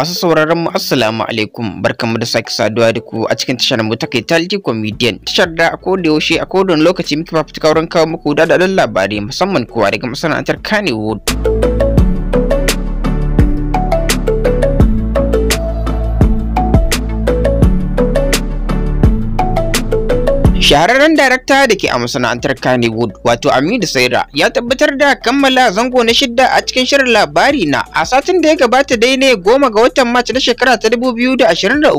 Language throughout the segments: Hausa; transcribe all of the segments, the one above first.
Masu sauraron mu assalamu alaikum barkamu da sake saduwa da ku a cikin tashar mu ta kai Talti Comedian tashar da a koda yaushe a kodon lokaci muke fafutuka wurin kawo muku da labarai musamman kowa daga masana'antar Kannywood. Shahararren darakta da ke a masana'antar Kannywood wato Aminu Saira ya tabbatar da kammala zango na shidda a cikin shirin labari na a satin da ya gabata dai ne goma ga watan Mac na shekara ta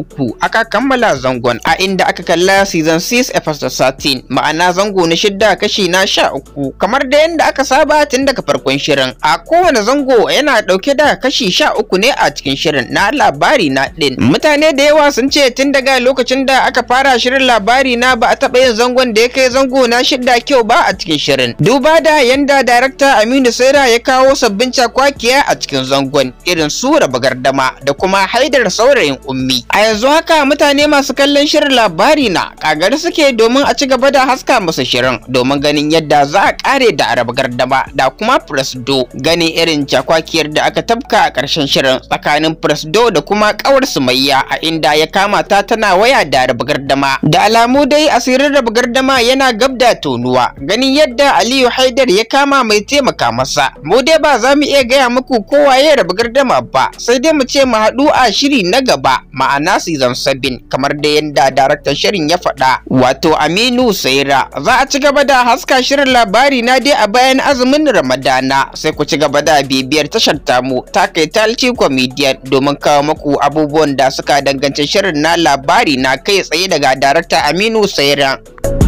uku, aka kammala zangon a inda aka kalla season 6 episode 13 ma'ana zango na shidda kashi na 13 kamar da yadda aka saba tun daga farkon shirin a kowane zango yana dauke da kashi 13 ne a cikin shirin na labari na din mutane da yawa sun ce tun daga lokacin da aka fara shirin labari na ba a taɓa yin zangon da ya kai zango na shidda kyau ba a cikin shirin duba da yanda darakta aminu saira ya kawo sabbin cakwakiya a cikin zangon irin su raba gardama da kuma haidar saurayin ummi a yanzu haka mutane masu kallon shirin labari na kagari suke domin a ci gaba da haska musu shirin domin ganin yadda za a kare da raba gardama da kuma presdo ganin irin cakwakiyar da aka tabka a karshen shirin tsakanin presdo da kuma kawar sumayya a inda ya kama ta tana waya da raba gardama da alamu dai asirin rarraba gardama yana gab da tonuwa ganin yadda Aliyu Haidar ya kama mai taimaka masa. Mu dai ba za mu iya gaya muku kowa ya raba gardama ba sai dai mu ce mu haɗu a shiri na gaba ma'ana season sabin kamar da yadda daraktan shirin ya faɗa wato Aminu Saira za a ci gaba da haska shirin labari na dai a bayan azumin Ramadana sai ku ci gaba da bibiyar tashar tamu ta kai talci comedian domin kawo muku abubuwan da suka danganci shirin na labari na kai tsaye daga darakta Aminu Saira. out.